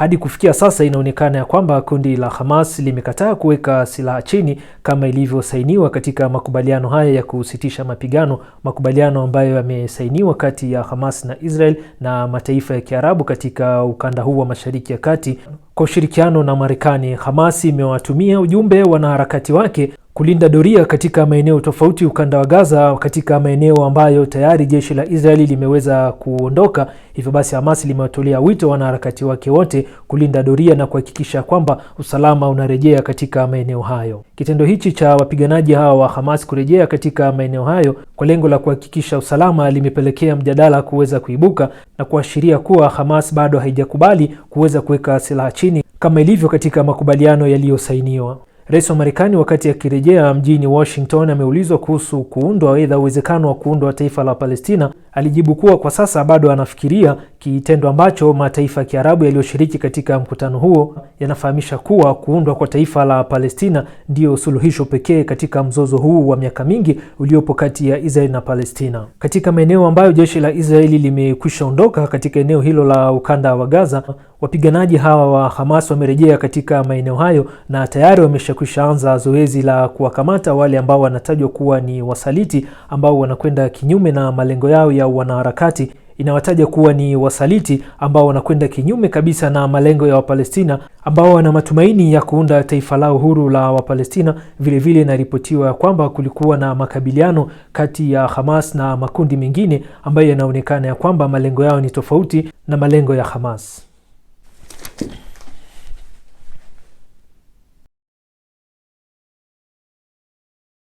Hadi kufikia sasa inaonekana ya kwamba kundi la Hamas limekataa kuweka silaha chini kama ilivyosainiwa katika makubaliano haya ya kusitisha mapigano, makubaliano ambayo yamesainiwa kati ya Hamas na Israel na mataifa ya Kiarabu katika ukanda huu wa Mashariki ya Kati kwa ushirikiano na Marekani. Hamas imewatumia ujumbe wanaharakati wake kulinda doria katika maeneo tofauti ukanda wa Gaza, katika maeneo ambayo tayari jeshi la Israeli limeweza kuondoka. Hivyo basi, Hamas limewatolea wito wanaharakati wake wote kulinda doria na kuhakikisha kwamba usalama unarejea katika maeneo hayo. Kitendo hichi cha wapiganaji hawa wa Hamas kurejea katika maeneo hayo kwa lengo la kuhakikisha usalama limepelekea mjadala kuweza kuibuka na kuashiria kuwa Hamas bado haijakubali kuweza kuweka silaha chini kama ilivyo katika makubaliano yaliyosainiwa. Rais wa Marekani wakati akirejea mjini Washington ameulizwa kuhusu kuundwa aidha uwezekano wa kuundwa taifa la Palestina, alijibu kuwa kwa sasa bado anafikiria, kitendo ambacho mataifa ya Kiarabu yaliyoshiriki katika mkutano huo yanafahamisha kuwa kuundwa kwa taifa la Palestina ndiyo suluhisho pekee katika mzozo huu wa miaka mingi uliopo kati ya Israeli na Palestina. Katika maeneo ambayo jeshi la Israeli limekwisha ondoka katika eneo hilo la ukanda wa Gaza, Wapiganaji hawa wa Hamas wamerejea katika maeneo hayo na tayari wameshakwisha anza zoezi la kuwakamata wale ambao wanatajwa kuwa ni wasaliti ambao wanakwenda kinyume na malengo yao ya wanaharakati. Inawataja kuwa ni wasaliti ambao wanakwenda kinyume kabisa na malengo ya Wapalestina ambao wana matumaini ya kuunda taifa lao huru la Wapalestina. Vilevile inaripotiwa ya kwamba kulikuwa na makabiliano kati ya Hamas na makundi mengine ambayo yanaonekana ya kwamba malengo yao ni tofauti na malengo ya Hamas.